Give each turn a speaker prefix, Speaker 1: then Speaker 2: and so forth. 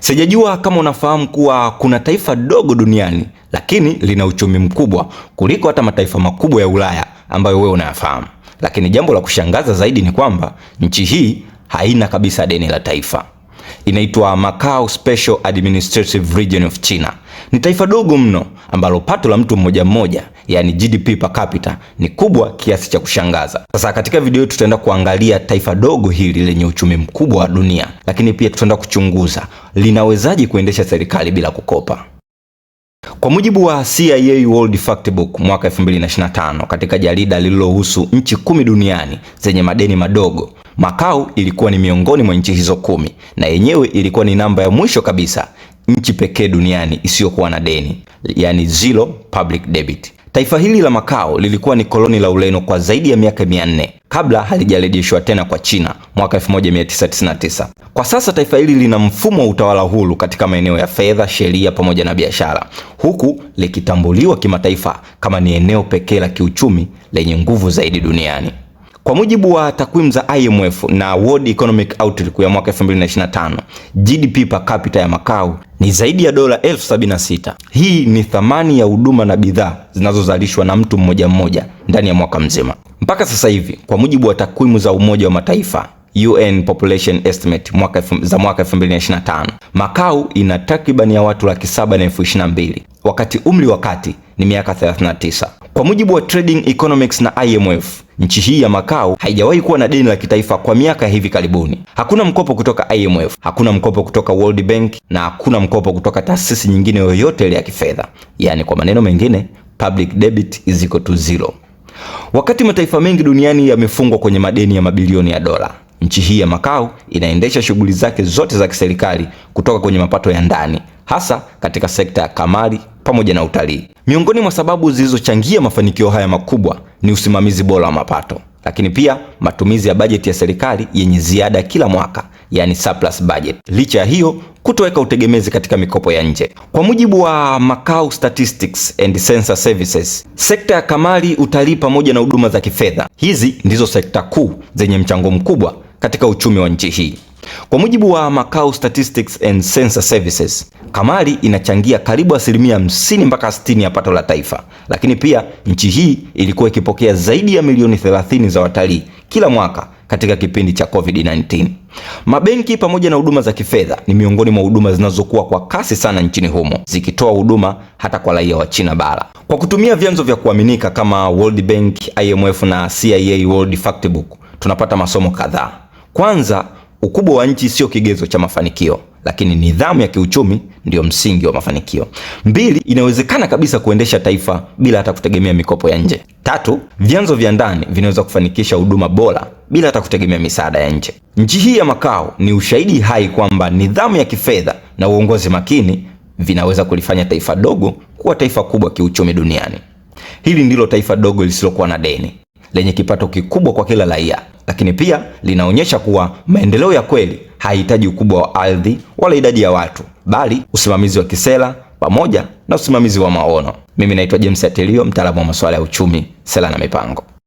Speaker 1: Sijajua kama unafahamu kuwa kuna taifa dogo duniani lakini lina uchumi mkubwa kuliko hata mataifa makubwa ya Ulaya ambayo wewe unayafahamu. Lakini jambo la kushangaza zaidi ni kwamba nchi hii haina kabisa deni la taifa inaitwa Macau Special Administrative Region of China. Ni taifa dogo mno ambalo pato la mtu mmoja mmoja, yani GDP per capita, ni kubwa kiasi cha kushangaza. Sasa katika video hii tutaenda kuangalia taifa dogo hili lenye uchumi mkubwa wa dunia, lakini pia tutaenda kuchunguza linawezaje kuendesha serikali bila kukopa. Kwa mujibu wa CIA World Factbook mwaka 2025 katika jarida lililohusu nchi kumi duniani zenye madeni madogo, Macau ilikuwa ni miongoni mwa nchi hizo kumi na yenyewe ilikuwa ni namba ya mwisho kabisa, nchi pekee duniani isiyokuwa na deni, yani zero public debt. Taifa hili la Macau lilikuwa ni koloni la Ureno kwa zaidi ya miaka 400 kabla halijarejeshwa tena kwa China mwaka 1999. Kwa sasa taifa hili lina mfumo wa utawala huru katika maeneo ya fedha, sheria pamoja na biashara, huku likitambuliwa kimataifa kama ni eneo pekee la kiuchumi lenye nguvu zaidi duniani. Kwa mujibu wa takwimu za IMF na World Economic Outlook ya mwaka 2025, GDP per capita ya Macau ni zaidi ya dola elfu sabini na sita. Hii ni thamani ya huduma na bidhaa zinazozalishwa na mtu mmoja mmoja ndani ya mwaka mzima. Mpaka sasa hivi, kwa mujibu wa takwimu za Umoja wa Mataifa UN Population Estimate mwaka, za mwaka 2025, Macau ina takribani ya watu laki saba na elfu ishirini na mbili wakati umri wa kati ni miaka 39. Kwa mujibu wa Trading Economics na IMF nchi hii ya Macau haijawahi kuwa na deni la kitaifa kwa miaka ya hivi karibuni. Hakuna mkopo kutoka IMF, hakuna mkopo kutoka World Bank na hakuna mkopo kutoka taasisi nyingine yoyote ile ya kifedha. Yaani, kwa maneno mengine, public debt is equal to zero. Wakati mataifa mengi duniani yamefungwa kwenye madeni ya mabilioni ya dola, nchi hii ya Macau inaendesha shughuli zake zote za kiserikali kutoka kwenye mapato ya ndani, hasa katika sekta ya kamari pamoja na utalii. Miongoni mwa sababu zilizochangia mafanikio haya makubwa ni usimamizi bora wa mapato, lakini pia matumizi ya bajeti ya serikali yenye ziada kila mwaka, yani surplus budget. Licha ya hiyo kutoweka utegemezi katika mikopo ya nje. Kwa mujibu wa Macau Statistics and Census Services, sekta ya kamari, utalii pamoja na huduma za kifedha, hizi ndizo sekta kuu zenye mchango mkubwa katika uchumi wa nchi hii. Kwa mujibu wa Macau Statistics and Census Services, kamari inachangia karibu asilimia 50 mpaka 60 ya pato la taifa, lakini pia nchi hii ilikuwa ikipokea zaidi ya milioni 30 za watalii kila mwaka katika kipindi cha COVID-19. Mabenki pamoja na huduma za kifedha ni miongoni mwa huduma zinazokuwa kwa kasi sana nchini humo, zikitoa huduma hata kwa raia wa China bara. Kwa kutumia vyanzo vya kuaminika kama World Bank, IMF na CIA World Factbook, tunapata masomo kadhaa. Kwanza, Ukubwa wa nchi sio kigezo cha mafanikio, lakini nidhamu ya kiuchumi ndio msingi wa mafanikio. Mbili, inawezekana kabisa kuendesha taifa bila hata kutegemea mikopo ya nje. Tatu, vyanzo vya ndani vinaweza kufanikisha huduma bora bila hata kutegemea misaada ya nje. Nchi hii ya Makao ni ushahidi hai kwamba nidhamu ya kifedha na uongozi makini vinaweza kulifanya taifa dogo kuwa taifa kubwa kiuchumi duniani. Hili ndilo taifa dogo lisilokuwa na deni lenye kipato kikubwa kwa kila raia lakini pia linaonyesha kuwa maendeleo ya kweli hahitaji ukubwa wa ardhi wala idadi ya watu, bali usimamizi wa kisera pamoja na usimamizi wa maono. Mimi naitwa James atelio mtaalamu wa masuala ya uchumi, sera na mipango.